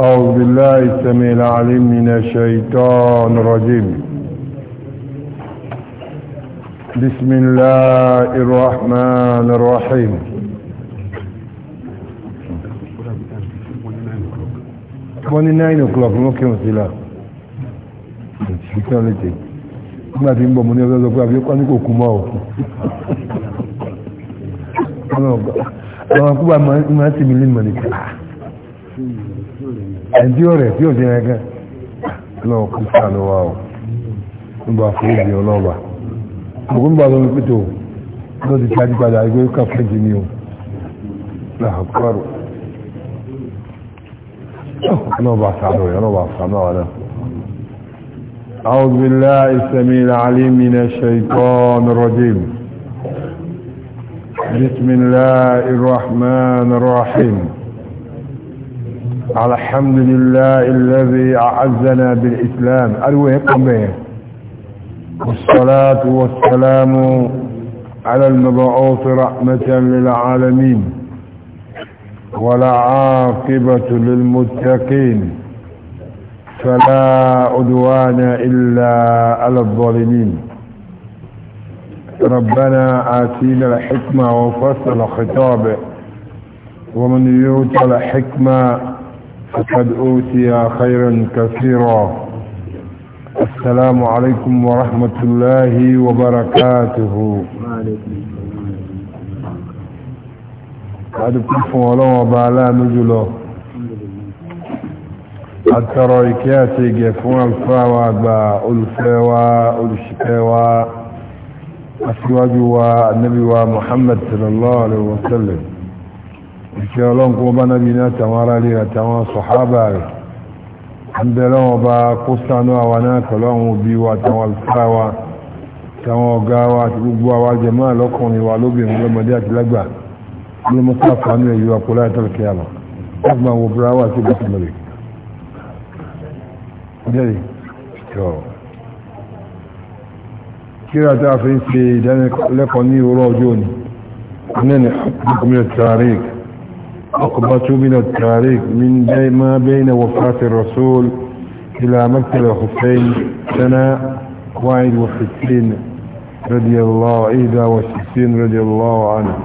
أعوذ بالله السميع العليم من الشيطان الرجيم بسم الله الرحمن الرحيم Twenty nine o'clock ló kí wọn sí la. Ìṣèkíyàn lè tè. tí ń bọ̀ mo ní ọjọ́ sọ pé àbí ní kò kú mọ́ o. Àwọn akúbà máa ń tì mí lé mọ̀ nìkan ẹ̀dí ọ̀rẹ́ tí ò jẹ́ ẹgẹ́ lọ́wọ́ kú sàánú wa ọ̀ nígbà fún ìdí ọlọ́ọ̀bà ògùn bá lọ́wọ́ pẹ̀tọ̀ lọ́ ti tajú padà ẹgbẹ́ kàfẹ́ jì ní o láàkúrò ọlọ́ọ̀bà sàánú من الشيطان الرجيم بسم الله الرحمن الرحيم الحمد لله الذي أعزنا بالإسلام أرويكم به والصلاة والسلام على المبعوث رحمة للعالمين ولا عاقبة للمتقين فلا عدوان إلا على الظالمين ربنا آتينا الحكمة وفصل خطابه ومن يوت الحكمة فقد أوتي خيرا كثيرا السلام عليكم ورحمة الله وبركاته بعد كفوا ولو بعلا نجلو أترى إكياتي جفوا الفاوى بألفاوى ألشكاوى أسواجوا النبي ومحمد صلى الله عليه وسلم ìṣẹ́ ọlọ́run kó bá nábi ní àtàwọn ará lè àtàwọn sọ̀hábà rẹ̀ àbẹ̀rẹ̀ wọn bá kó sánú àwa náà pẹ̀lú àwọn òbí wa àtàwọn alùpàá wa àtàwọn ọ̀gá wa àti gbogbo àwa jẹ̀mọ́ àlọ́kùnrin wa lóbìnrin lọ́mọdé kíra tá a fi ń ṣe ìdánilẹ́kọ̀ọ́ ní òwúrọ̀ ọjọ́ òní, ní ni àkókò mi ò نقبة من التاريخ من ما بين وفاة الرسول إلى مكتب الحسين سنة واحد وستين رضي الله إيدا وستين رضي الله عنه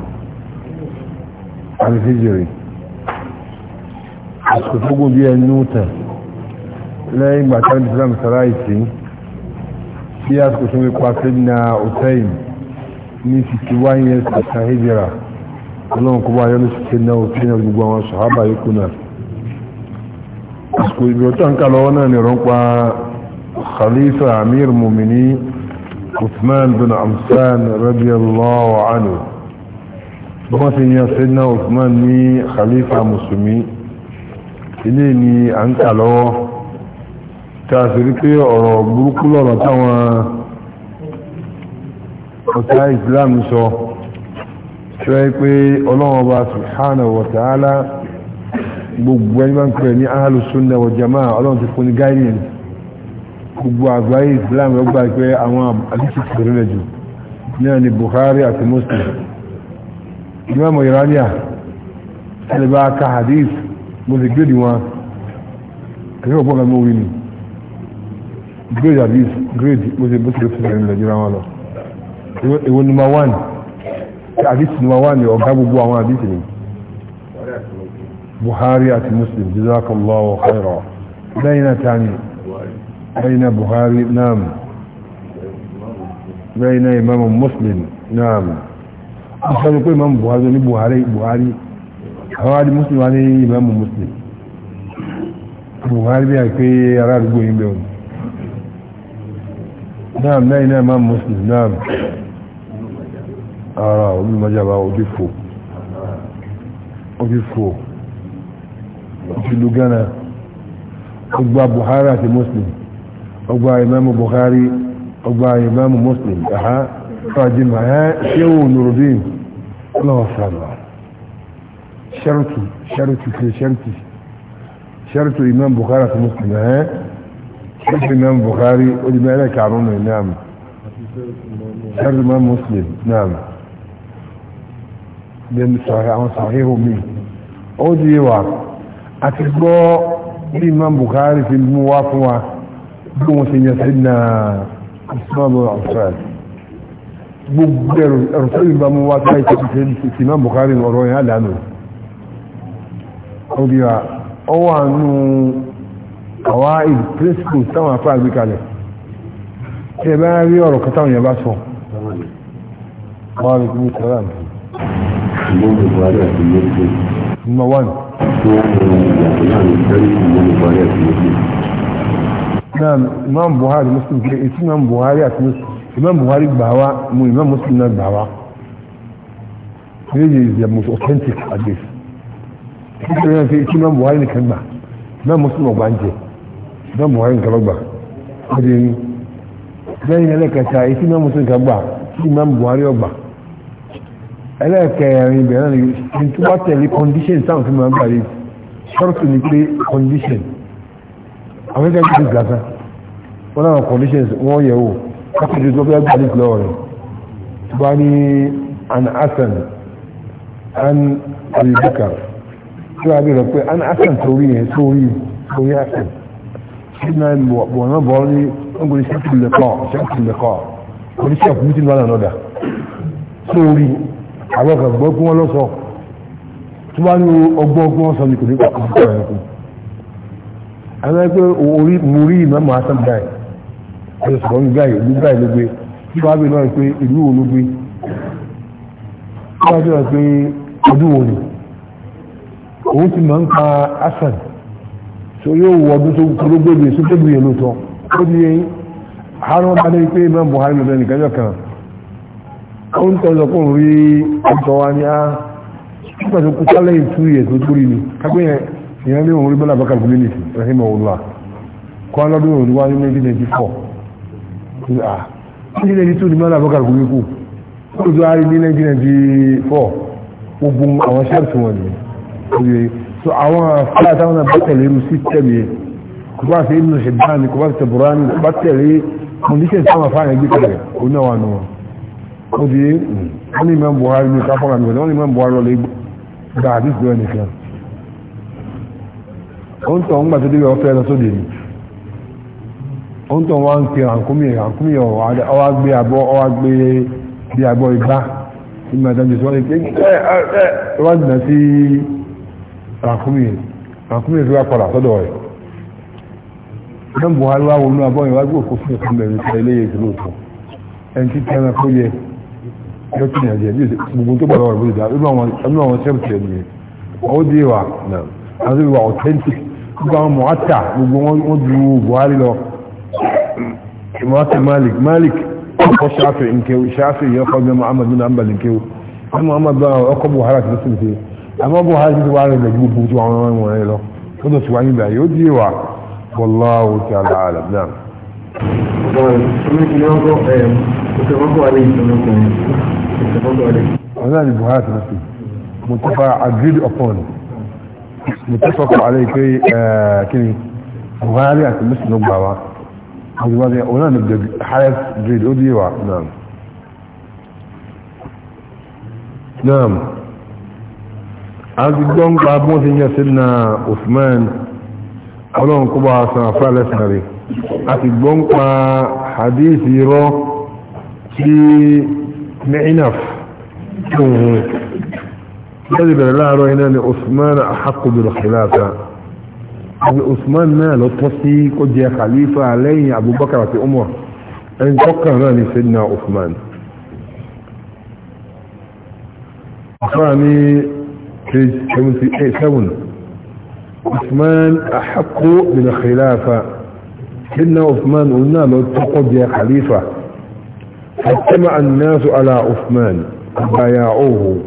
الهجري أسكتوكم بي النوتة لا يمع كان بسلام سرائسي في أسكتوكم بي قاتلنا أتين من ستوانية الهجرة ọlọ́run kó bá yọ́nù sí ṣe náà tí náà gbogbo àwọn sàhábà yókù náà àsìkò ìbí ọjọ́ nǹkan lọ́wọ́ náà ni rọ́npa khalifa amir mumini uthman bin amsan radiyallahu anhu bí wọ́n ti yan ṣe náà uthman ní khalifa musulmi ilé ni à ń kà lọ́wọ́ tá pé ọ̀rọ̀ burúkú lọ́rọ̀ táwọn ọ̀tá islam sọ so ṣe pé ọlọ́wọ́ bá subhanahu wa ta'ala gbogbo ẹni bá ń pè ní ahlu sunna wa jama'a ọlọ́run ti fún ní guidance gbogbo àgbáyé islam ló gbà pé àwọn àdìsí ti rẹ̀ jù náà ni bukhari àti muslim imam irania ẹni bá ka hadith mo sì gbèdì wọn kẹfẹ́ òpó kan wí ni grade hadith grade mo sì gbèdì mo sì rẹ̀ jù ra wọn lọ àdìsí ni wọ́n wà ní ọ̀gá gbogbo àwọn àdìsí ni Buhari àti Muslim jazakallahu khairan lẹ́yìn náà tani lẹ́yìn Buhari naam lẹ́yìn Imam Muslim naam ìṣẹ́ni pé Imam Buhari ní Buhari Buhari àwọn àdì Muslim wà ní Imam Muslim Buhari bí i pé àdúgbò yìí bẹ̀rù naam lẹ́yìn Imam Muslim naam ara omi mọ́jába ojú fò ojú fò ìlú Ghana ọgbà Buhari àti Muslim ọgbà Imam Buhari ọgbà Imam Muslim àhá fàájìmà ẹ́ ṣéwò nùrùdín lọ́wọ́sàlọ́ ṣẹ́rùtù ṣẹ́rùtù fi ṣẹ́rùtù ṣẹ́rùtù Imam Buhari àti Muslim ẹ́ ṣẹ́rùtù Imam Buhari ó di mẹ́rẹ̀ kàrún nù Imam ṣẹ́rùtù Imam Muslim náà bẹ́ẹ̀ni sọ̀rọ̀ àwọn sàhíhù mi ó di wà àti gbọ́ wa bí wọ́n ṣe yẹn sí na ìsìnàbọ̀ ọ̀sán gbogbo ẹ̀rọ tó yìnbọn mú wá sáyé tó ṣe sí imam Bukhari ọ̀rọ̀ yẹn àdánù ó di wà ó wà nù táwọn afọ àgbékalẹ̀ tí rí ọ̀rọ̀ kan táwọn yẹn bá sọ. Wa alaikum salaam ìmọ̀mù buhari àti muslim. number one. tí wọ́n mú ìyàtọ̀ láàrin sẹ́rí ìmọ̀mù buhari àti muslim. náà imam buhari muslim kiri etí imam buhari àti muslim imam buhari gbà wá mu imam muslim náà gbà wá. méjì is their most authentic hadith. kíkiri náà fi etí imam buhari nìkan gbà imam muslim ọgbà ń jẹ imam buhari nìkan lọ gbà. lẹ́yìn ẹlẹ́kẹta etí imam muslim kan gbà tí imam buhari ọgbà ẹlẹ́ẹ̀kẹrin ìbẹ̀rẹ̀ ni tó bá tẹ̀lé condition sáà fún ma gbàrí ṣọ́rọ̀tù ní pé condition àwọn ẹgbẹ́ ìgbẹ́ gàtà wọ́n náà conditions wọ́n yẹ̀ wò kápẹ́jù tó bá gbàrí lọ́wọ́ rẹ̀ tó bá ní an asan an alibukar tó bá bẹ̀rẹ̀ pé an asan torí yẹn sórí sórí asan ṣé náà wọ̀n náà bọ̀ ní ọgbọ̀n ṣẹ́kùn lẹ́kọ̀ọ́ ṣẹ́kùn lẹ́kọ̀ọ́ oníṣẹ́ ọ̀pọ̀ mítí lọ́nà lọ́dà sórí àwọn kan gbọ́ kún wọn lọ́sọ tó bá ní ọgbọ́n kún wọn sọ ní kò ní kọ́kọ́ kọ́ ẹ̀ kú àwọn ẹgbẹ́ orí mo rí ìmọ̀mọ́ asán báyìí ọjọ́ sọ̀rọ̀ ní báyìí ìlú báyìí ló gbé tí wọ́n á òun ti máa ń ka asán tó yóò wọ ọdún tó ló gbé bèè sókè bèè ó di yẹn àárọ̀ bá dé pé Imam Buhari lọ́dọ̀ nìkan ó ń tọ́jọ kó rí ọjọ́ wa ní á pẹ̀lú kúta lẹ́yìn tú yẹ̀ tó tóri ni kápẹ́ yẹn ìyẹn lé òun rí bọ́lá bọ́kà gúlé nìsí rahim ọ̀wọ́lá kọ́ lọ́dún òun wá ní 1994 1992 ah, ni bọ́lá bọ́kà gúlé kù ó jọ àárín ní 1994 ogun àwọn ṣẹ́ẹ̀tì wọn ni oye so àwọn afẹ́ àtàwọn náà bá tẹ̀lé irú system yẹn kò bá ṣe ibùdó ṣe dáa ni kò bá ṣe tẹ̀ bùrọ̀ ni kò bá tẹ̀lé conditions táwọn afáàyàn gbé kalẹ̀ òun náà wà nù ó di wọ́n ní Imam Buhari ní káfọ́nà mi wọ́n ní Imam Buhari lọ́lẹ̀ gba àdìsí rẹ̀ nìkan ó ń tọ̀ ń gbà tó dé ọ̀fẹ́ lọ sóde ni ó ń tọ̀ wá ń pe àǹkúmí àǹkúmí ọwá gbé abọ́ ọwá gbé bí abọ́ igbá ní mẹ́tàndé sọ́lẹ̀ pé ẹ ẹ ẹ wá dìnnà sí àǹkúmí àǹkúmí fi wá padà sọ́dọ̀ rẹ̀ Imam Buhari wá wọnú abọ́ yẹn wá gbé òkú fún ìfúnbẹ̀rẹ̀ sí ilé ìṣòro tó ẹni tí tẹ́ran kó yẹ yóò tún yàn jẹ gbogbo tó gbà lọ́wọ́ ìbúdó ìdá inú bá ọkọ̀ Buhari àti lọ́sùn ṣe àmọ́ Buhari ti wá rẹ̀ lẹ́jú gbogbo tó àwọn ọmọ wọn lọ ó lọ sí wáyé ìgbà yóò dé wa wallahu ta'ala alam náà ọ̀nà ni buhari ti rẹ̀ mo tó fa agreed upon mo tó sọ́kọ̀ alẹ́ pé kíni buhari àti muslim gbà wá ọ̀nà ni ọ̀nà ni the highest grade ó dí wa náà náà àti gbọ́ngbà bọ́n ti yẹ sí na Usman ọlọ́run kó san àfẹ́ lẹ́sìn àti gbọ́ngbà hadith irọ́ tí نعنف الذي بين الله رأينا أن عثمان أحق بالخلافة أن عثمان نال التصي قد يا خليفة عليه أبو بكر في أمه أن تقرنا لسيدنا أثمان أخاني عثمان ثاني سون أثمان أحق بالخلافة سيدنا أثمان قلنا له تقضي يا خليفة فاجتمع الناس على عثمان بايعوه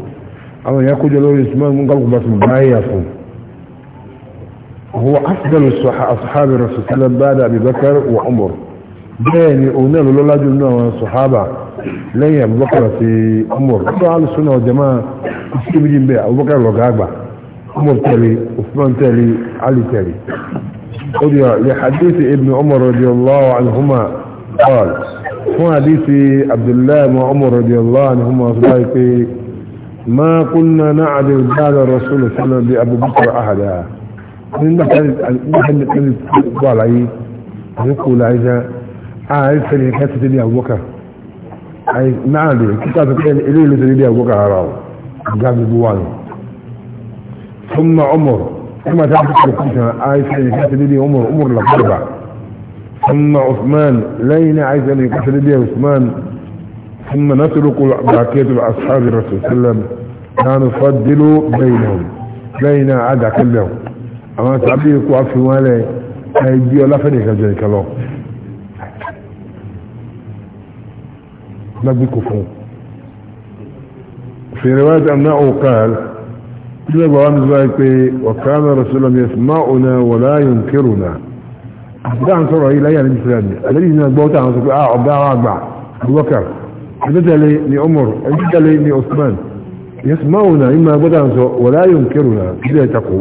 أما يأكل جلول عثمان من قلق بس بايعوه هو أفضل أصحاب الرسول صلى الله عليه وسلم بعد أبي بكر وعمر بين أولاد لولا جلنا الصحابة لين أبو بكر في عمر أهل السنة والجماعة يستبدين بيع أبو بكر وقعبة عمر تالي عثمان تالي علي تالي قضي لحديث ابن عمر رضي الله عنهما قال fún àdísí abdullahi muhammad radiyallahu anhu ma su báyìí pé ma kunna na adil bada rasul sana bi abubakar ahada ní nàkàlì kàlì wà láyé àti kò láyé ààrẹ sẹ́ni ẹ̀ka ti tẹ́lẹ̀ abubakar náà lè kíkà tó kẹ́ ilé ilé tẹ́lẹ̀ abubakar ara ọ̀ ga gbogbo wa ni summa umar kuma ta fi kàlì kàlì ààrẹ sẹ́ni ẹ̀ka tẹ́lẹ̀ umar umar lafarba ثم عثمان لين عايز ان يقتل بها عثمان ثم نترك بعكية اصحاب الرسول صلى الله عليه وسلم لا نفضل بينهم لين عاد كلهم اما تعبير كو في ولا ايدي الله فنيك جاي كلام نبي كفون في رواية أمناه قال إذا بغان وكان رسول الله يسمعنا ولا ينكرنا أحدان صورة إلى أيام الإسلامية الذي من البوتان صورة أعب أعب أبو بكر حدث لي لأمر حدث لي لأثمان يسمعنا إما بوتان ولا ينكرنا كذا يتقو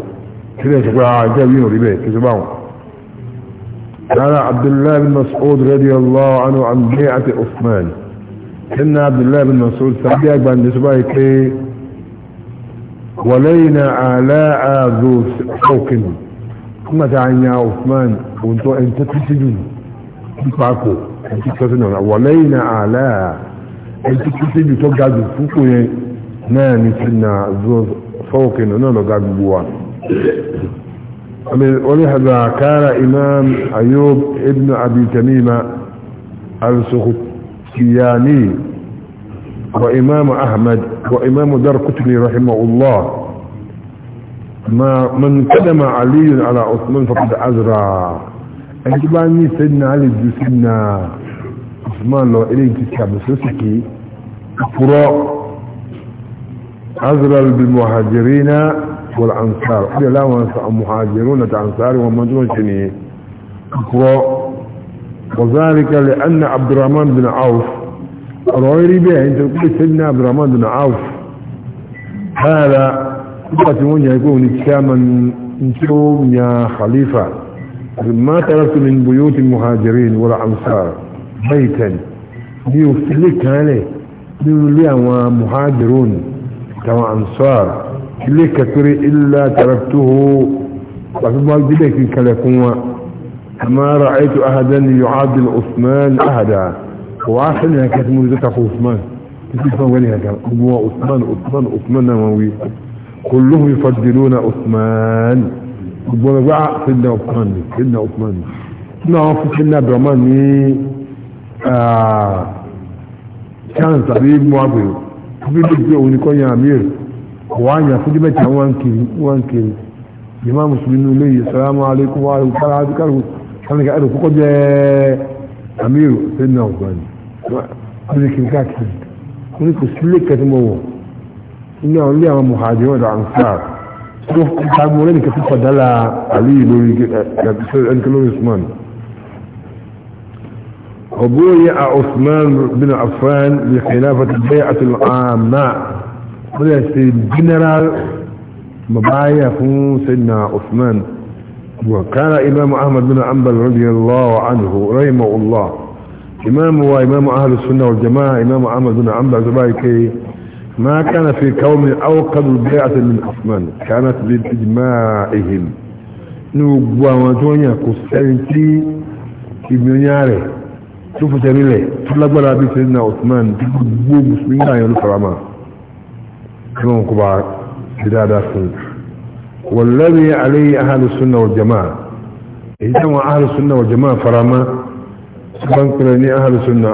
كذا يتقو أعجاب آه ينور إبيه كذبعون قال عبد الله بن مسعود رضي الله عنه عن بيعة عثمان إن عبد الله بن مسعود سعدي أكبر نسبة ولينا علاء ذو حوكنا kuma ta hanya usman wunto in ta fi siju pako in ti kasi na walai na ala in ti fi siju to gaji fuku ne na ni na zuwa sauke na nuna gaji buwa ولهذا كان إمام أيوب ابن أبي تميمة السختياني وإمام أحمد وإمام دار كتني رحمه الله ما من كلم علي على عثمان فقد عذرا اجباني سيدنا علي جو سيدنا عثمان لو إليه تسكى سوسكي فراء عذرا بالمهاجرين والأنصار قال لا وانسى المهاجرون الأنصار ومجرون شنيه فراء وذلك لأن عبد الرحمن بن عوف رويري ربيع انت تقول سيدنا عبد الرحمن بن عوف هذا nígbà tí wọ́n yàn pé òun ni chairman tí ó yan khalifa ما تركت من بيوت المهاجرين ولا أنصار بيتا ليفلك عليه ليولي مهاجرون كما أنصار ليك تري إلا تركته وفيما جليك كلكما ما رأيت أحدا يعادل عثمان أحدا وآخر هكذا منذ تقو عثمان تسيطان ولي هكذا هو عثمان عثمان عثمان نموي كلهم يفضلون عثمان بوضع سيدنا عثمان سيدنا عثمان نعرف سيدنا عبد الرحمن كان صليب معبر في بيجي ونكون يا امير وانيا فدي بيت وانكي وانكي امام مسلم لي السلام عليكم وعليكم السلام ذكر كان قال فقد امير سيدنا عثمان ولكن كاكسي ولكن سلكت موه إنهم àwọn ilé àwọn muhajir ọ̀dọ̀ ansar tó kàgbọ́ lẹ́nu kẹfẹ́ fàdálà عثمان بن عفان لخلافة البيعة العامة ولا سيد جنرال مبايع سيدنا عثمان وكان إمام أحمد بن أنبل رضي الله عنه رحمه الله إمام وإمام أهل السنة والجماعة إمام أحمد بن أنبل زبايكي ما كان في قوم أوقدوا بيعة من أصنام كانت بإجماعهم نوبوا وانتوانيا كسانتي ibiyonyaare tó fẹsẹ̀ nílẹ̀ tó lágbára bí sẹ́dínà Osman tí gbogbo musulmi náà yẹn ló farama kí wọn kó bá ti dáadáa fún wọn lẹ́rìí alẹ́ ahàlù sunna wa jama'a èyí táwọn ahàlù sunna wa jama'a farama tó bá ń pèrè ní ahàlù sunna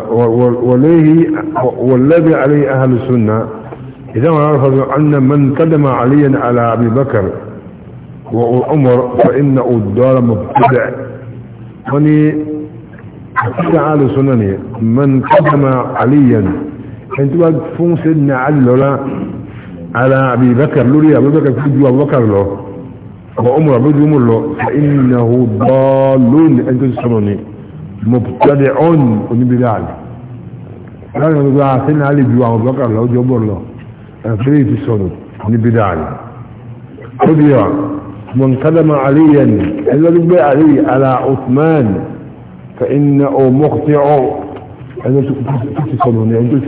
wọ́n lẹ́rìí alẹ́ ahàlù sunna إذا ما عرف أن من كدم عليا على أبي بكر وعمر فإن الدار مبتدع وني تعال سنني من كدم عليا انت بعد فونس سيدنا علي أبي بكر لولي أبي بكر في جوا بكر له وعمر أبو عمر له فإنه ضال أنت سنني مبتدع ونبي ذلك لا يقول سيدنا علي جوا بكر له جبر له أبليت السنة نبدعني خذي من قدم عليا إلا نبي علي على عثمان فإنه مقطع أنا تتصلون يعني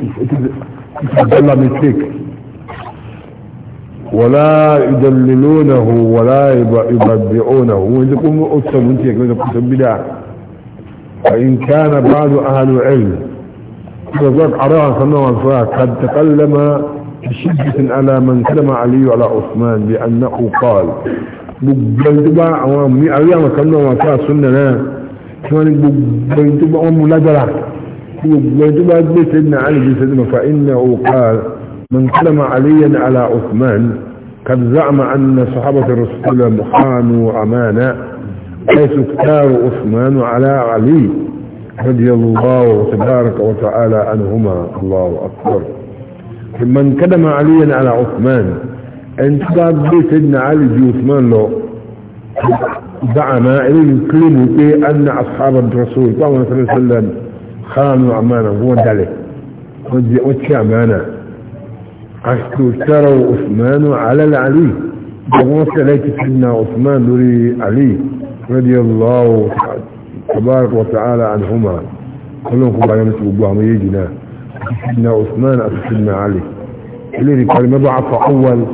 تتصل مثلك ولا يدللونه ولا يبدعونه وإذا ويقوم أتصل أنت يقول لك بدع فإن كان بعض أهل العلم فذلك أراها صلى الله قد تكلم بشدة على من كلم علي على عثمان بأنه قال بجلدبا عوام مي أيام كنا وفاة سننا كمان بجلدبا أم لدرة بجلدبا بسيدنا علي بسيدنا فإنه قال من كلم عليا على عثمان قد زعم أن صحابة الرسول محانوا أمانا حيث اختاروا عثمان على علي رضي الله تبارك وتعالى عنهما الله أكبر من كدم عليا على عثمان انت قاد بي سيدنا علي جي عثمان له زعم اليه يكلموا بي ان اصحاب الرسول صلى الله عليه وسلم خانوا عمانا هو ودي اوتي عمانا عشتوا اشتروا عثمان على العلي وقلت لك سيدنا عثمان لوري علي رضي الله تبارك وتعالى عنهما كلهم كبار يمسكوا بهم يجينا سيدنا عثمان أو سيدنا علي اللي قال مبعث أول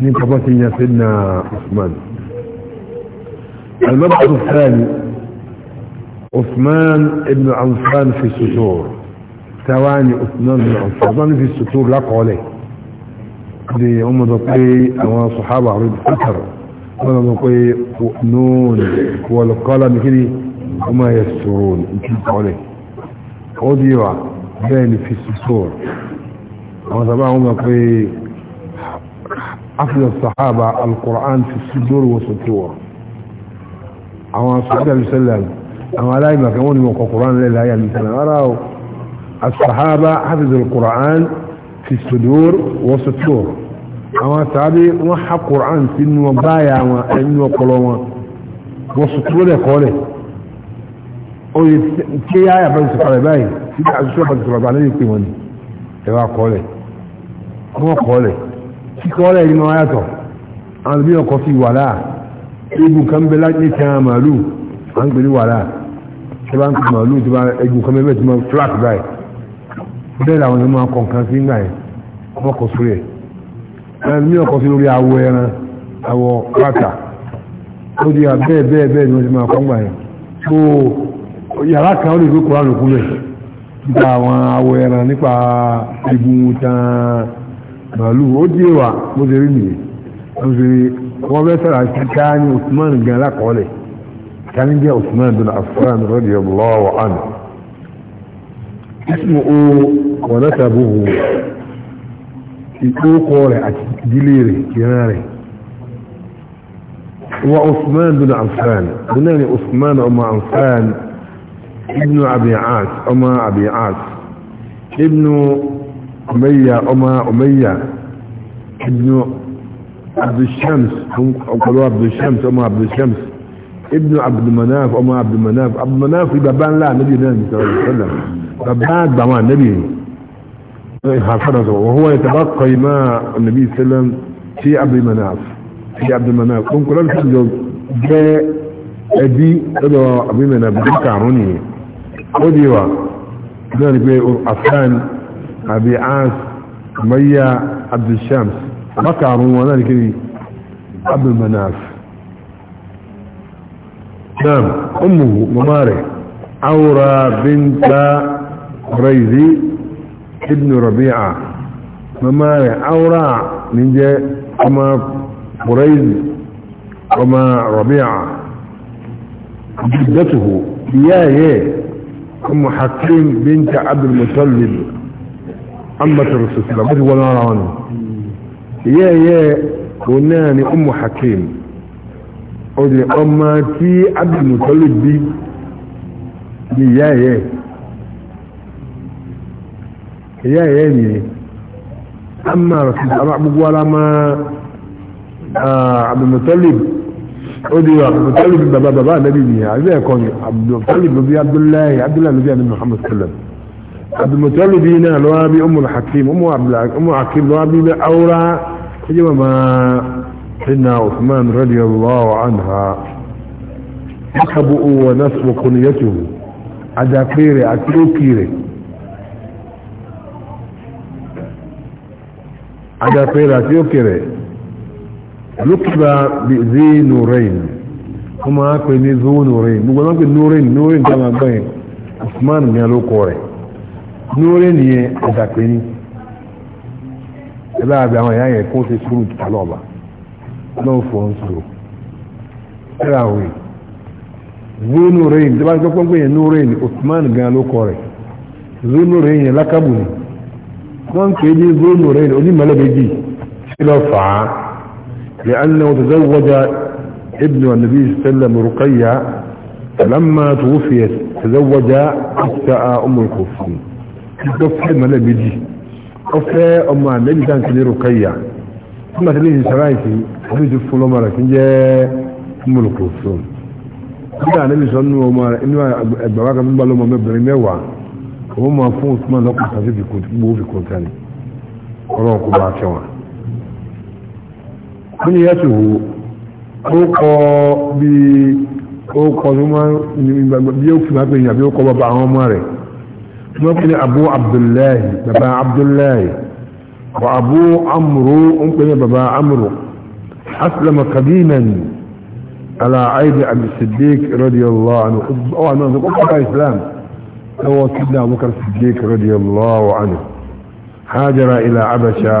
من قبطنا سيدنا عثمان المبعث الثاني عثمان ابن عنفان في الستور ثواني عثمان بن عنفان في الستور لقوا عليه دي هم دقي أو صحابة عرض فتر ولا دقي نون والقلم كده وما يسرون انتبهوا عليه وديوا بينفسور وسمعهما في أفضل الصحابة القرآن في السجور والسطور أما صلى الله عليه وسلم أما لا يمكنون من القرآن ليلة هي المثلة أراه الصحابة حفظ القرآن في السجور والسطور أما سعبي وحق القرآن في النوبايا وإنه قلوما والسطور يقوله oye tí a yà bẹ́ẹ̀ sọ̀rọ̀ báyìí tí a sọ̀rọ̀ sọ̀rọ̀ bá lẹ́yìn pé wọ́n ni ẹ̀rọ akọọ́lẹ̀ ọmọ akọọ́lẹ̀ kíkọọ́lẹ̀ yìí máa yàtọ̀ àwọn ìbí ọkọ̀ fi wà láà egun kan bẹ láti tẹ àwọn màálù à ń pèlú wà láà tí bá ń pè màálù tí bá egun kan bẹ́ẹ̀ tí máa flat báyìí bẹ́ẹ̀ làwọn yóò máa kọ̀ọ̀kan sí ńgbà yẹn ọmọ kọ̀ sórí ẹ̀ àwọn ìbí ọkọ̀ sí lórí awọ ẹran awọ bàtà ó di à bẹ́ẹ̀ bẹ́ẹ̀ bẹ́ẹ̀ ni wọ́n ti máa kọ́ ńgbà yẹn yàrá kan ó lè fi kóra lòkú lẹ̀ nípa àwọn awọ ẹran nípa egun tan màálù ó díè wà bó ṣe rí nìyẹn wọ́n fi wọ́n fẹ́ sọ̀rọ̀ àti káyani Usman gan lákọọ́lẹ̀ káyani jẹ́ Usman bin Affan radiyallahu anhu ismu o wa nasabuhu ìkókó rẹ̀ àti ìdílé rẹ̀ ìran rẹ̀ wa Usman bin Affan onáni Usman ọmọ Affan ابن أبي عاص أما أبي عاص ابن أمية أما أمية ابن عبد الشمس هم قالوا عبد الشمس أما عبد الشمس ابن عبد مناف أما عبد مناف عبد مناف بابان لا نبي الله صلى الله عليه وسلم بابان بابان نبي وهو يتبقى ما النبي صلى الله عليه وسلم في عبد مناف في عبد مناف هم قالوا جاء أبي أبي مناف بكاروني قدوة ذلك عفان أبي عاص مية عبد الشمس مكعب وذلك عبد المناف نعم أمه مماري عورة بنت ريزي ابن ربيعة مماري عورة من جاء أما قريز وما ربيعة جدته يا يه أم حكيم بنت عبد المطلب أمة الرسول صلى الله عليه وسلم يا يا وناني أم حكيم أولي أمتي عبد المطلب بي يا يا يا ìyá ẹ̀ ni amma rasul gbogbo ala ma abdulmutalib ó di wa abdulkalib baba baba anabi ni àbí ẹ̀kọ́ ni abdulkalib bí abdullahi abdullahi bí anabi muhammad sallam abdulkalib bí náà lọ́wọ́ bí umu hakim umu hakim lọ́wọ́ bí bẹ́ awura ẹjẹ́ bàbá sinna usman radiyallahu anha nakabu wa nasbu kuniyatuhu adakire àti okire adakire àti okire lókìbà zé nùrẹ́yìn wọ́n máa pè ní zó nùrẹ́yìn gbogbo wọn pè nùrẹ́yìn nùrẹ́yìn tí a máa gbọ́ yẹn usman ní alókọ rẹ̀ nùrẹ́yìn yẹn ẹ̀dà pé ní ẹ̀dà àbí àwọn ẹ̀yà yẹn kó ṣe sùúrù tà lọ́ọ̀bà lọ́ọ̀ fọ́ ń sùúrù ẹ̀dà àwẹ̀ zó nùrẹ́yìn tí a bá ń gbọ́ pé yẹn nùrẹ́yìn usman ní alókọ rẹ̀ zó nùrẹ́yìn yẹn lákàbù ni wọ́n pè ní zó nùrẹ́yìn onímọ̀lẹ́bẹ̀ẹ́jì kí ló fà á لأنه تزوج ابن النبي صلى الله عليه وسلم رقيع، فلما توفيت تزوج أفتاء أم الكوفين توفي ملابدي توفي أم النبي صلى كان كلي رقية ثم تليه سرايتي حبيت الفلو مرة جاء أم الكوفين nígbà النبي صلى الله عليه وسلم إنه ẹgbàwá kan nígbà lọ́mọ mẹ́bìnrin mẹ́wàá wọ́n máa fún Usman lọ́kùnrin tàbí gbogbo fi kúnyẹ́sùwò ó kọ bí ó kọ tó máa bí ó fi máa pè yàn bí ó kọ bàbá àwọn ọmọ rẹ̀ tó máa pè ní abu abdullahi bàbá abdullahi wa abu amuru ń pè ní bàbá amuru aslama kadiman ala aidi abi siddiq radiyallahu anhu ó wà náà kó kọ́kọ́ islam lọ́wọ́ sidna abubakar siddiq radiyallahu anhu hajara ila abasha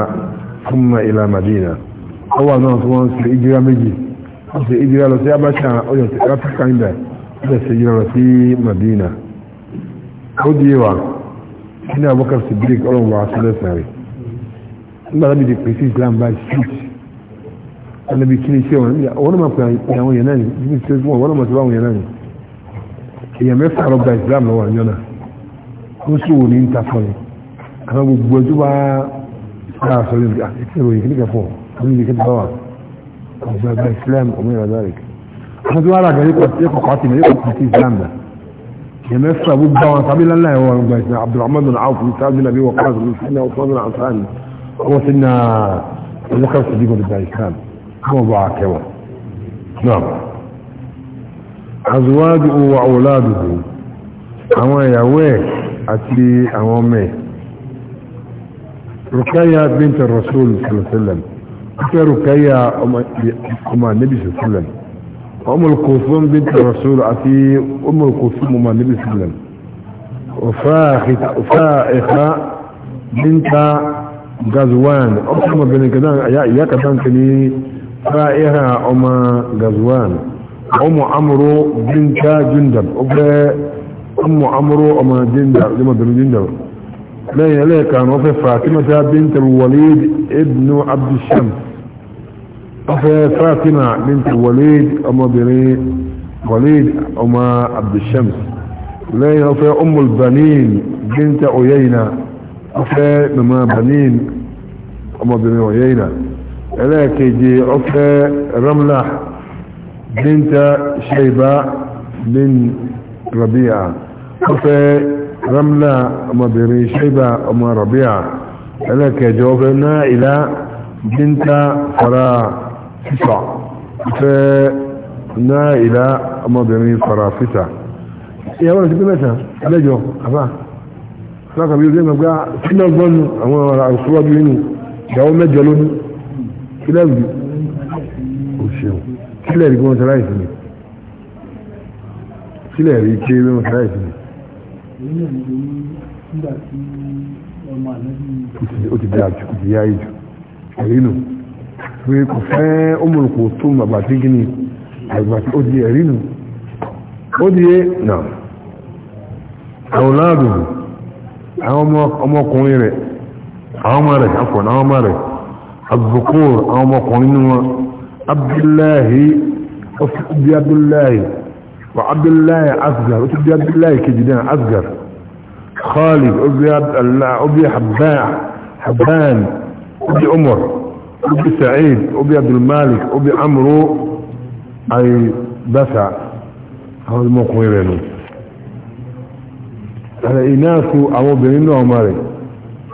ثم إلى مدينة ọwọ́ náà tí wọ́n ṣe ìjírá méjì wọ́n ṣe ìjírá lọ sí abáṣà ọjọ́ sí áfíríkà ìgbà wọ́n ṣe ìjírá lọ sí madina ó di wa kí ní abubakar sidiq ọlọ́run wa sílẹ̀ sàrẹ̀ nígbà lábìdì pé sí islam bá street alábi kí ni iṣẹ́ wọn àwọn ọmọ pé àwọn yẹn náà ni bí ṣe fún wọn ọmọ tí wọn yẹn náà ni èèyàn mẹ́fà lọ gba islam lọ́wọ́ àjọ náà ó sì wò ní ń ta fọ́ ni àwọn gbogbo ẹjọ́ bá sáà sọ yóò ní ìṣẹ́ ìròyìn kí ní kẹfọ́ قال لي كده بقى الاسلام وما الى ذلك احنا دول على جريب يقف قاتل يقف في الاسلام ده يا مصر ابو بقى طب لا لا هو عبد الرحمن بن عوف بن سعد بن ابي وقاص بن سيدنا عثمان بن عفان هو سيدنا ذكر الصديق بن الاسلام هو بقى كده نعم azwaaju wa awlaaduhu àwọn ìyàwó ẹ̀ àti بنت الرسول صلى الله عليه وسلم أكثر كيا أم النبي صلى الله عليه وسلم أم القسم بنت رسول أتي أم القسم أم النبي صلى الله عليه وسلم وفائخة بنت غزوان أقسم بين كذا يا يا كذا كني فائخة أم غزوان أم عمرو بنت جندب أم عمرو أم جندب لما بن جندب لا يلي كان وفي فاطمة بنت الوليد ابن عبد الشمس أخي فاطمة بنت وليد أم بني وليد أم عبد الشمس لين أخي أم البنين بنت عيينة أخي مما بنين أم بني عيينة إليك جي أخي رملة بنت شيباء بن ربيعة أخي رملة أم بني شيباء أم ربيعة إليك جوابنا إلى بنت فراغ kíkà ìfẹ́ náà ìlà ọmọbìnrin farafita ìyàwó rẹ̀ ti pé mẹ́ta alẹ́jọ àbá alákàbí ojú ẹgbẹ́ gbá sínú ọgbọ́nù àwọn àṣọwájú inú ìyàwó mẹ́jọ lónìí kílẹ̀ rí o ṣeun kílẹ̀ rí gbọ́n sáláì sí mi kílẹ̀ rí ké gbọ́n sáláì sí mi. o ti di àjù o ti yá ìjù ẹ̀rí nù. pé kò fẹ́ ọmọlùkù tó mọ̀ bàtí gíní àgbàtí ó di ẹ̀rí nù ó di é nà àwọn láàdùn àwọn ọmọkùnrin rẹ̀ àwọn ọmọ rẹ̀ àfọ̀nà àwọn ọmọ rẹ̀ azukur àwọn ọmọkùnrin ní wọn abdullahi ó fi bí abdullahi wa abdullahi asgar ó ti bí abdullahi kejì náà asgar khalid ó bí habban ó bí umar ابي سعيد ابي عبد المالك ابي عمرو اي بسع هذا الموقوي بينه على اناثه او بينه وماري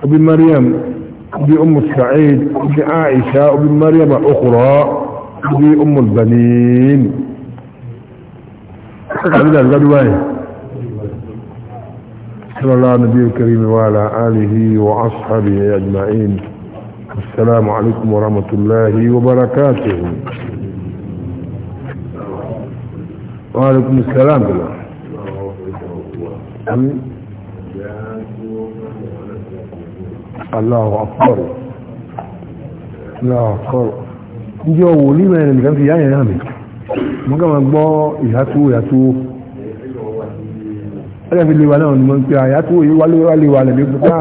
ابي مريم ابي ام سعيد ابي عائشة ابي مريم اخرى ابي ام البنين هذا الغدوان صلى الله على النبي الكريم وعلى اله واصحابه اجمعين السلام عليكم ورحمة الله وبركاته وعليكم السلام بالله أمين الله أكبر الله أكبر njẹ́ owó límẹ̀ ẹni nìkan fi yáyẹ̀ náà mi mọ́ kí wọ́n gbọ́ ìyàtú ìyàtú ẹ̀rẹ́ fi lè wà náà ni mo ń pè àyàtú ìwálé wálé wà lẹ́mí púpọ̀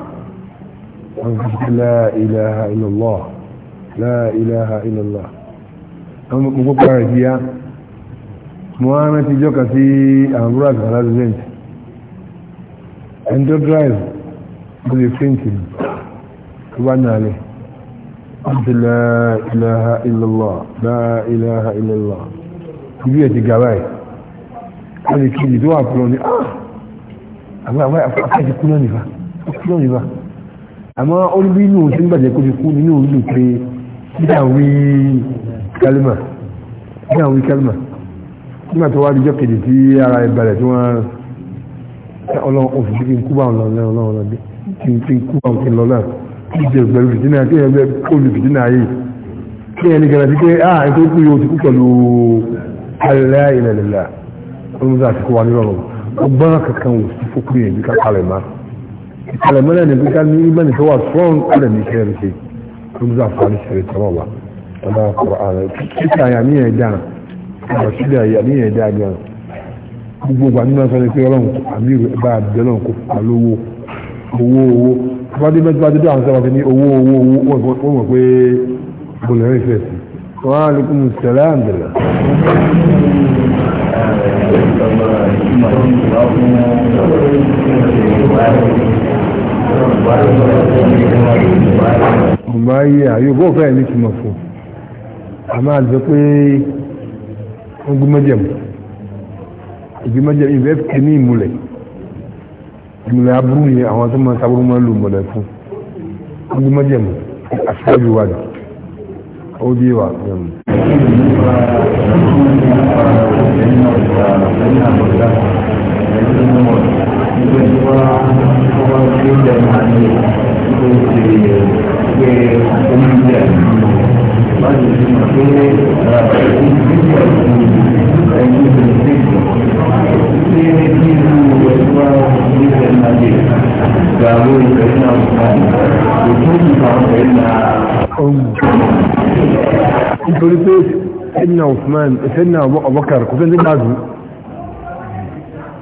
لا إله إلا الله لا إله إلا الله أما كنت قرأت mọ́hánà ti jọ́ka sí ambrose alazent endo drive bó lè fíntì tó bá nàlẹ̀ ọdí láìláha ìlọ́lọ́ láìláha ìlọ́lọ́ ibi ẹ̀ ti gàbá ẹ̀ wọ́n lè kí ìdíwà pọ̀lọ́ ní àbáyé afẹ́jì kúnlọ́ nìfà àmọ́ olúbí inú òsì nígbàjẹ́ kó ti kú nínú òlù pé dídàwí kálímà dídàwí kálímà nígbà tó wá di jọ́ kejì tí ara ìbalẹ̀ tí wọ́n ọlọ́run oṣù tí kí n kú bá ọlọ́run lẹ́yìn ọlọ́run lọ́dẹ kí n ti kú bá òkè lọ náà kí n jẹ pẹ̀lú fìtínà kí n jẹ olù fìtínà yìí kí n gẹ̀rẹ́ sí pé ah n tó kú yóò ti kú pẹ̀lú alẹ́ ilẹ̀ lẹ́la olùdó àti kó wa nílọ́run ọgbọ́n kankan ò sí fókùn yẹn bí ká kalẹ̀ máa alamana ne bika ni imani to wa strong ala ni sheri shi kun za fa ni sheri ta baba ala qur'an kita ya ni eda ba shi da ya ni eda ga gbogbo gba nínú sọ ni pé ọlọ́run àmìrò ẹgbà àbíjọ náà kò fà lówó owó owó bàbá dé bá dé àwọn sábà fi ní owó owó owó wọ́n mọ̀ pé bọ̀lẹ̀ rẹ̀ fẹ̀ sí wọ́n á lè kún un sẹ̀lẹ̀ àǹdẹ̀lẹ̀. Thank you bùbá yé àyè bó fẹ́ ní tìmọ̀ fún a máa lè pé wọ́n gbé mẹ́jẹ̀mù ìgbé mẹ́jẹ̀mù ìfẹ́ fi ní ìmúlẹ̀ ìmúlẹ̀ aburú yẹn àwọn tó máa sábúrú máa lò mọ̀lẹ̀ fún wọ́n gbé mẹ́jẹ̀mù àṣíwájú wa ni ó dé wa. Thank you nígbà tí wọ́n wọ́n ti ń jẹ máa ní ìgbà tí pé oúnjẹ wọ́n ti fi mọ̀ pé oúnjẹ ọ̀hún ẹni tó ti ṣe ṣe kí irú ẹ̀fọ́ oúnjẹ máa lè gbàgbó ìfẹ́ náà kò tó ìgbà ọ̀fẹ́ náà. nítorí pé سيدنا عثمان سيدنا ابو بكر كنت بعده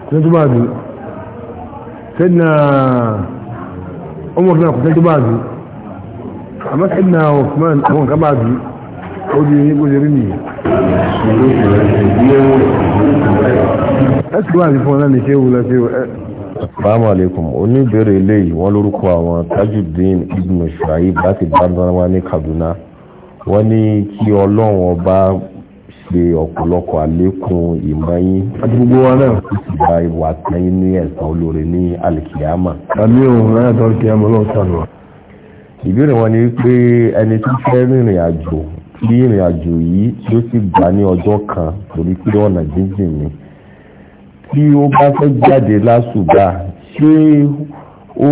كنت بعده سيدنا عمر كان قتلت بعضي أما سيدنا عثمان هو كبعضي ودي يقول يرمي أسكوا هذه فوناني شيء ولا شيء Assalamu alaikum oníbèrè eléyìí wọ́n lórúkọ àwọn Tajudeen Ibn Shuaib láti bá ń dáná ní Kaduna wọ́n ní kí ṣe ọ̀pọ̀lọpọ̀ àlékún ìmọ̀ yín. àti gbogbo wa náà. ó sì gba ìwà àtẹ́yìn ní ẹ̀san olóore ní alikiyama. àmì òun náà tó kíyàmọ́ náà sànù. ìbéèrè wọn ni pé ẹni tó fẹ́ rìnrìn àjò tí ìrìn àjò yìí tí ó sì gbà ní ọjọ́ kan torí pé ọ̀nà jíjìn ni tí ó bá fẹ́ jáde lásùbà ṣé ó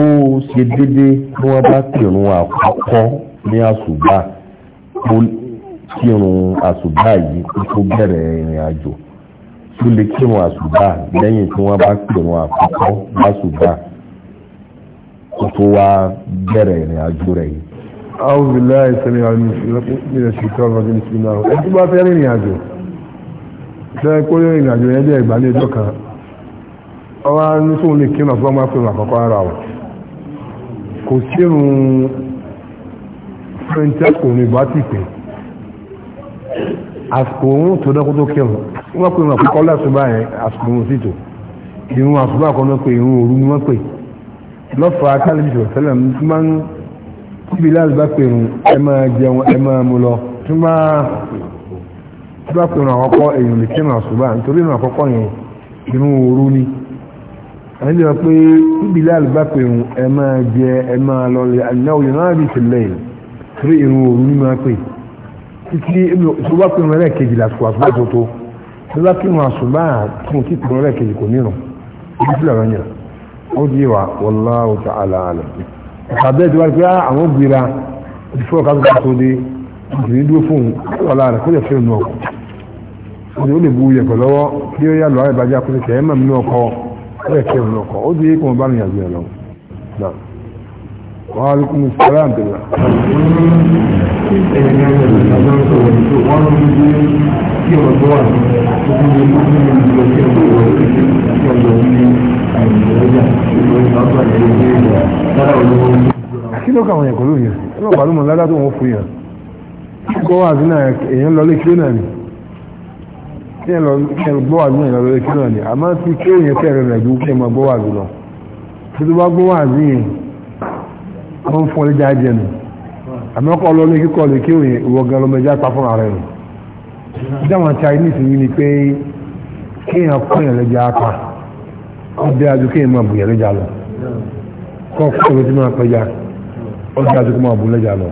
ṣe déédéé bí wọ́n bá pèrún àkọ́kọ́ ní àsùbà kírun àsùbá yìí kó tó bẹ̀rẹ̀ ìrìn àjò tó lè kírun àsùbá lẹ́yìn tí wọ́n bá kírun àkọ́kọ́ lásùbá kó tó wá bẹ̀rẹ̀ ìrìn àjò rẹ̀ yìí. أعوذ بالله السميع العليم من الشيطان الرجيم بسم الله ẹ tó bá fẹ́ rìnrìn àjò fẹ́ kó rìnrìn àjò yẹn dé ìgbàlẹ̀ ẹjọ́ kan ọwọ́ ní sóun lè kírun àfọwọ́ máa kírun àkọ́kọ́ ara wọn kò sírun fẹ́ntẹ́kùnrin bá ti pè é àsìkò òun tó dákó tó kẹrùn wọ́n pè wọ́n kọ́lá ṣùgbà yẹn àsìkò òun sí tó ìrún àṣùgbà kan náà pé ìrún òru ni wọ́n pè lọ́fà kálíjì ọ̀sẹ́lẹ̀ tí máa ń tíbi láti bá pè rùn ẹ máa jẹun ẹ máa mú lọ tí bá pè rùn àkọ́kọ́ èèyàn lè kẹrùn àṣùgbà nítorí ìrún àkọ́kọ́ yẹn ìrún òru ni àyìn lọ pé tíbi láti bá pè rùn ẹ máa jẹ ẹ máa lọ lẹ àyìnlá òyìnbó náà bì ni títí ìṣòwò pinnu rẹ̀ kejì lásìkò àṣùbà tó tó ìṣòwò pinnu àṣùbà tún tí pinnu rẹ̀ kejì kò nírun ibi tí lọ́rọ̀ yẹn ó di wa wallahu ta'ala alam ìpàdé ìjọba pé ah, àwọn gbéra ìfọwọ́ kásìkò tó dé ìdìní dúró fún wàhálà rẹ̀ kó lè fẹ́ nù ọkọ̀ ọdún ó lè bu yẹ̀pẹ̀ lọ́wọ́ kí ó yà lọ́wọ́ ìbàjẹ́ akúnṣe ẹ̀ mọ̀ nínú ọkọ̀ ó lè fẹ́ nù ọkọ̀ ó di kí wọ́n bá nìyànjú ẹ̀ lọ́wọ́ náà. وعليكم السلام بالله kí ló kà wọ́n yẹn pẹ̀lú yẹn ló bàálù mọ̀ ládá tó wọ́n fún yẹn kó wà sí náà èèyàn lọ lé kíló náà ni kí ẹ lọ gbọ́ wà sí náà lọ lé kíló náà ni àmọ́ tí kíló yẹn fẹ́rẹ̀ rẹ̀ ju kí ẹ máa gbọ́ wà sí lọ tí bá gbọ́ wà sí yẹn wọ́n fún ọlẹ́jà jẹ́ nù àmọ́ kọ́ lọ ní kíkọ́ lè kíwò yẹn ìwọ gan lọ́mọ ẹja pa fún ara rẹ̀ dáwọn Chinese yìí ni pé kéèyàn kọ́ yẹn lẹ́jà pa ó dé adu kéèyàn máa bù yẹn lẹ́jà lọ kọ́ kọ́ ló ti máa pẹja ó dé adu kó máa bù lẹ́jà lọ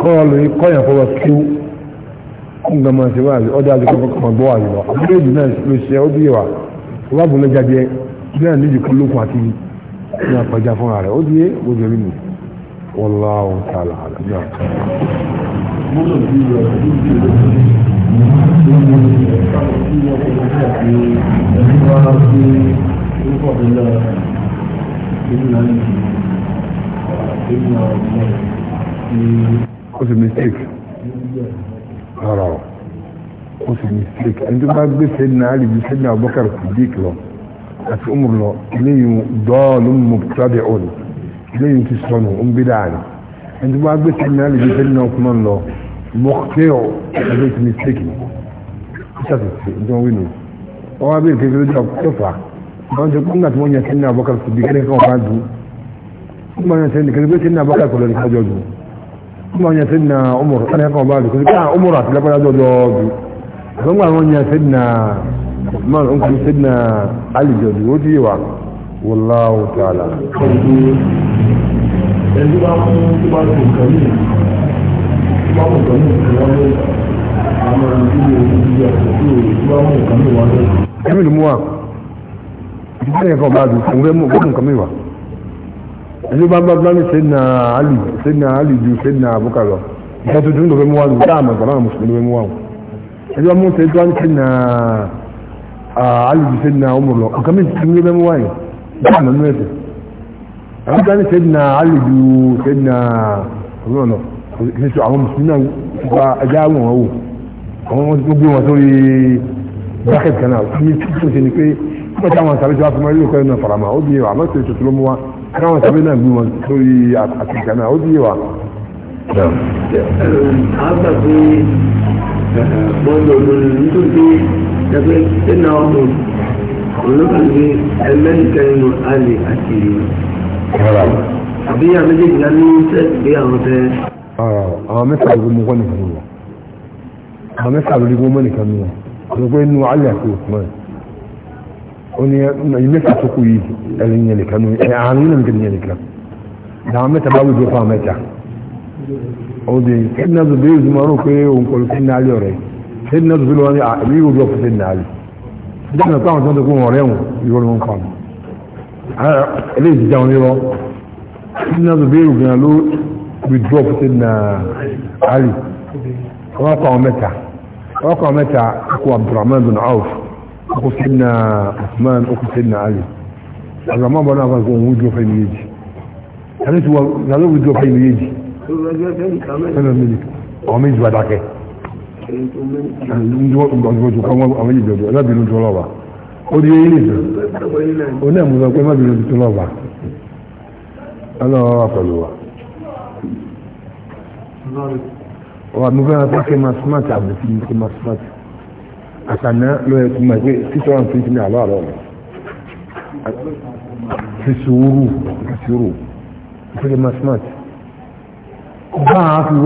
kọ́ lọ kọ́ yẹn fọwọ́ kíw kún gan máa ṣe wá àlè ó dé adu kó máa gbọ́ àlè lọ àbúrò ìdí náà ló ṣe ó bí wa wọ́n bù lẹ́jà jẹ́ náà nídìí kó lókun àti máa pẹja fún ara rẹ̀ ó di é ó di orí والله تعالى اعلم نعم kò sí mistake rárá o kò sí mistake ẹni tó bá gbé sẹ́yìn náà lè ju sẹ́yìn náà Abubakar Siddiq lọ àti Umar lọ eléyìí dọ́ọ̀lù mọ̀tàdé ọ̀nà eléyìí ti sọnù ń bí dáàni ẹni tó bá gbé sẹ́yìn náà lè fi sẹ́yìn náà kúmọ̀ lọ mọ́kẹ́ọ̀ ẹgbẹ́ ti mistake ní sàtìsì ìjọba wínú wọ́n wá bèèrè kékeré jọ tọ́fà wọ́n ti kúnlá tí wọ́n yẹ sẹ́yìn abọ́kàr sí bíkẹ́rẹ́ kan bá dùn wọ́n máa yẹ sẹ́yìn kékeré pé sẹ́yìn abọ́kàr kọ̀ lọ nìkan jọ dùn wọ́n máa yẹ sẹ́yìn ọmọrù kan kan bá dùn kí ọmọrù àti lápá jọ jọ dùn wọ́n máa yẹ sẹ́yìn wọláwó tààlà. ẹni bá fún tó bá tó nǹkan yìí tó bá mú nǹkan yìí wọ́n lé àwọn ìdílé ìdílé àti tó bá mú nǹkan yìí wọ́n lé. ẹ̀mí ni mo wà ìdílé yẹn kan bá dùn fún ẹ̀mú ọgbọ́n nǹkan yìí wà. ẹni bá bá bá ní sẹ́nà àlì sẹ́nà àlì ju sẹ́nà àbúkà lọ ìyá tuntun ló fẹ́ mú wa lù dáàmú ìgbà náà mùsùlùmí ló fẹ́ mú wa lù mú sẹ́nà àlì ju sẹ́nà ọmọ lọ mi ti tún ló fẹ́ mú wa yìí báwọn nínú ẹ̀sẹ̀ àwọn kan ní sẹ́dínà alìjú sẹ́dínà ọlọ́nà ìṣẹ́sọ àwọn mùsùlùmí náà gba ẹja àwọn ọ̀wọ̀ àwọn wọn tó gbé wọn sórí bákẹ́tì kan náà ní títún ṣe ni pé wọ́n ti àwọn sàbẹ̀sọ afọmọ ilé ìkọ́ náà farama ó di yẹ wa àmọ́ sẹ́dínà tuntun ló mú wa káwọn sàbẹ̀ náà gbé wọn sórí àkìkì kan ó di yẹ wa. àgbà pé eh, olókùnrin ẹlẹ́nìkan inú alè àti àbí àméjèèjì náà ní sẹ́ẹ̀dì àwọn tẹ́. àwọn mẹ́ta ló mú wọn nìkan nìyà àwọn mẹ́ta ló rí wọn nìkan nìyà ló pé inú alè àti Usman ó ní mẹ́ta tó kú yìí ẹ̀rìn yẹn nìkan nìyà ẹ̀ àárín náà nìkan nìkan làwọn mẹ́ta bá wùdó fún àwọn mẹ́ta ó di sẹ́ẹ̀dì náà zòbí ìzùmọ̀ rò pé òun kọlu sí ní alẹ́ ọ̀rẹ́ sẹ́ẹ̀dì náà zòbí lọ́wọ́ ní àbí ìwòbí ọ̀fọ̀ sí ní jẹ́nà táwọn tó ń dẹ́kun ọ̀rẹ́ wọn ìwọ ni wọ́n fa mi eléyìí ti jáwọn nírọ́ nínú àti bẹ́ẹ̀rù gan ló bí drop sí na Ali wọ́n kọ́ àwọn mẹ́ta wọ́n kọ́ àwọn mẹ́ta kó Abdulrahman bin Auf kó sí na Usman kó sí na Ali Abdulrahman bọ́ náà kó òun dúró fẹ́ẹ́ méjì tàbí tí wọ́n ló dúró fẹ́ẹ́ méjì ọmọ méjì bàtà ìjọ́jú kan wọ́n àwọn ìjọ́jú alábìnú tó lọ́wà ó di eyín nìkan ó ní àmúlò pé mábìnú tó lọ́wà aláwọ̀ wà pẹ̀lú wa. wà mú fẹ́ràn pé kí n máa smart àbí kí n máa smart àtàná ló yẹ kí n máa gbé títọ́ àwọn tó ń tẹ̀lé àlọ́ àlọ́ rẹ̀ fi sùúrù sùúrù kí n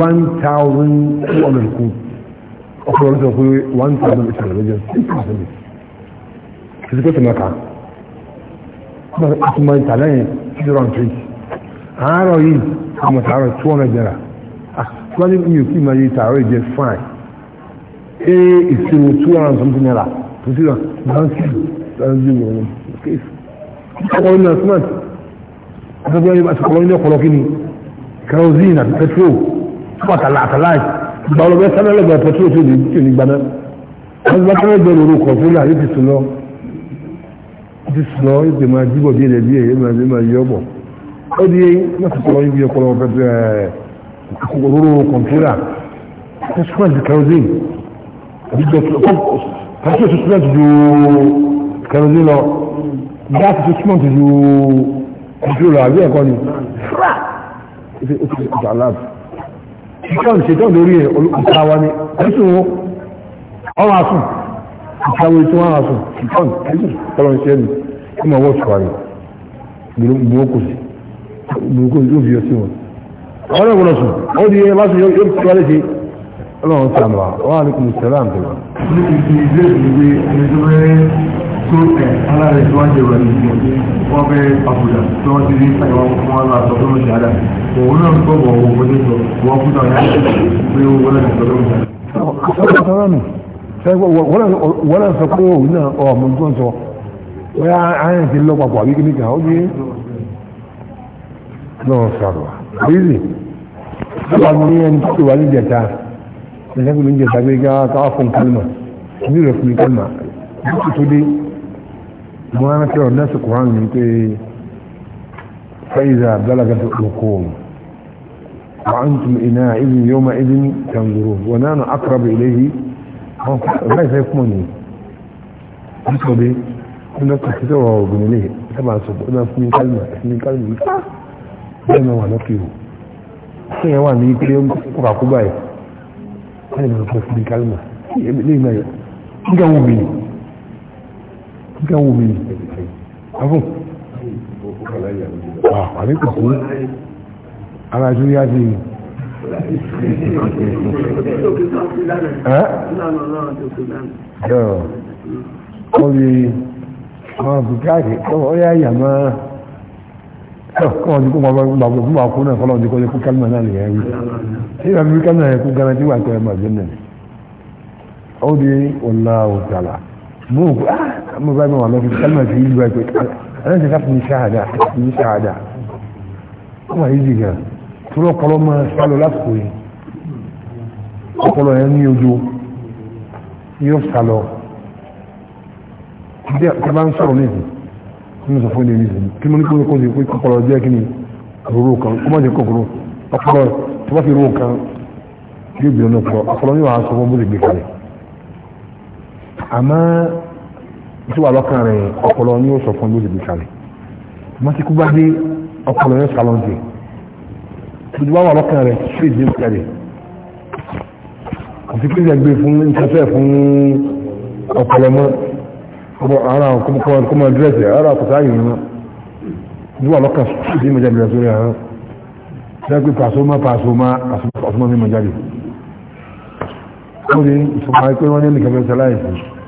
one thousand two hundred kù ọkùnrin ọdún pé one thousand eight hundred million six thousand eight kìsìkò tó mẹ́ka àtúmọ̀ ìtàlẹ́yìn six hundred and twenty àárọ̀ yìí àmọ̀ tààrọ̀ two hundred naira àtúwájú mi ò kí máa yí tààrọ̀ ìjẹ fine ee ìṣirò two hundred and something naira tó sí náà one six thousand million case ọkùnrin náà smart àtúwájú mi àti ọkùnrin náà kọ̀ọ̀kí ni kerosene àti petrol tó àtàlà àtàlà báwo bẹ sáré lẹgbẹ pẹtrol tó di tó ní gbaná wọn bá sáré gbẹ lóru kọ fún yàrá ti sùn lọ ti sùn lọ ètò máa jíbọ bí ẹlẹbi ẹ máa bí máa yọ bọ ó di wọn ti kọlọ ibi ọpọlọ pẹtrol ẹ kòkòrò kọmpútà ẹ sùn àti kerosene àbí lọ gáàsì tó sùn ju ṣetán ṣetán lórí ẹ̀ olùkọ́wa ni ẹ̀sùn wọn ọ̀rọ̀ àsùn ìtawé tí wọ́n àsùn ṣetán ẹ̀sùn tọ́lọ́ ṣe ẹ̀mí kí wọ́n wọ́n ṣùwárì gbìmọ̀kùsì yóò fi ọtí wọn. àwọn ẹ̀wọ̀n lọ sùn ó di ẹ̀ lásìkò yóò fi wálé ṣe ọlọ́run sàmà wàhálà kùmùsàlám tó wà tó ẹ̀ aláàrẹ̀ tí wọ́n jẹ rẹ̀ nìyẹn wọ́n fẹ́ àbùdá tí wọ́n ti rí àyẹ̀wò fún wọn láti ọdún mọ̀ṣẹ́ àdá òun náà ń gbọ́bọ̀ owó wọlé sọ wọ́n kú tàwọn yàrá pé ó wọlé ní ọdún mọ̀ṣẹ́ wọ́n sọ pé òun náà ọmọ tó ń sọ wọ́n àyàn ti lọ papọ̀ àbí kíníkà ó ní lọ́wọ́ sọ̀rọ̀ àbíyèsí lọ́wọ́ ní ẹni tó ti wà ní ìjẹta ìjẹta ìjẹta gbé gáà káwá fún kálmà ní ìrẹ̀kùnrin kálmà ní ìtòdé wọ́n rántí ọ̀rọ̀ nẹ́sì kùrán ní pé fẹ́ìzà bẹ́lẹ̀gà tó lókòó wọ́n tún iná ibi yóò máa ibi tàǹdùrù wọ́n náà akọ̀rọ̀bù ilé yìí wọ́n fẹ́ fẹ́ kúmọ̀ ní nítorí wọ́n náà kò títọ̀ ọ̀rọ̀ ògùn ilé sábà sọ pé náà fún kálmà fún kálmà yìí ká ah, bẹ́ẹ̀ náà wà lọ́kì o ṣé yẹn wà ní pé ó ń kú báyìí wọ́n náà fún kálmà ní ìgbà wo bìí nǹkan wù mí ni afún àmì kò sí ara ju yá sí i. Ọ̀bí àwọn àbùkáàkì ọ̀rọ̀ ọ̀yá àyàmá kọ́ọ̀dún kó gbàgbọ́ fún àkó náà kọ́lọ́ọ̀dún kó yẹ kó kálmà náà lè rí. Ìgbà bí kálmà yẹ kó gara tí wà tọ́ ẹ̀mà jẹ́ náà. Ó di ọ̀la ọ̀tàlà. Mú òkú, ah! أما بعد والله في الكلمة في إيد بايك أنا جذبت من شهادة من شهادة ما يجي كده تروح قالوا ما سألوا لا تقوي قالوا يعني يجوا يفصلوا كمان sọ̀rọ̀ nísìn nínú sọ fún ilé nísìn kí ló ní kó kó sí pé kọ́kọ́rọ́ jẹ́ kí ni àrùrù kan kó má jẹ́ kọ́kọ́rọ́ ọpọlọ tó bá fi rú kan yóò gbìyànjú ọpọlọ ọpọlọ yóò wá sọ fún bó lè gbé kalẹ̀ àmọ́ tí wà lọ́kàn rẹ̀ ọpọlọ ní òsọ̀ fún lóṣèlú kalẹ̀ mọ́tíkú bá dé ọpọlọ yẹn sàlọ́ǹtì tí wà lọ́kàn rẹ̀ sí ìdí ìkẹrẹ̀ àti pé ìgbẹ́ fún ìṣẹ́fẹ́ fún ọpọlọ mọ́ ara kọmọ dírẹ́sì ara kọta yìí mọ́ wọ́n ní ìṣọ̀kan pé wọ́n ní nìkan fẹ́ sẹ́láìsì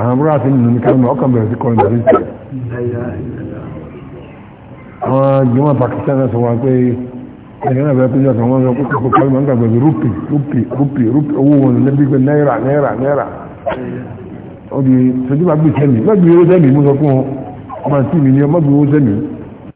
àwọn àbúrò àti nínú ní kálùmọ̀ ọkàn bẹ̀rẹ̀ sí kọrin bẹ̀rẹ̀ sí àwọn jọmọ Pakistan sọ wá pé ẹgbẹ́ náà bẹ̀rẹ̀ pínjọ́ kan wọ́n sọ pé kálùmọ̀ ọkàn bẹ̀rẹ̀ rúpì rúpì rúpì rúpì owó wọn lè bí pé náírà náírà náírà ó di sojú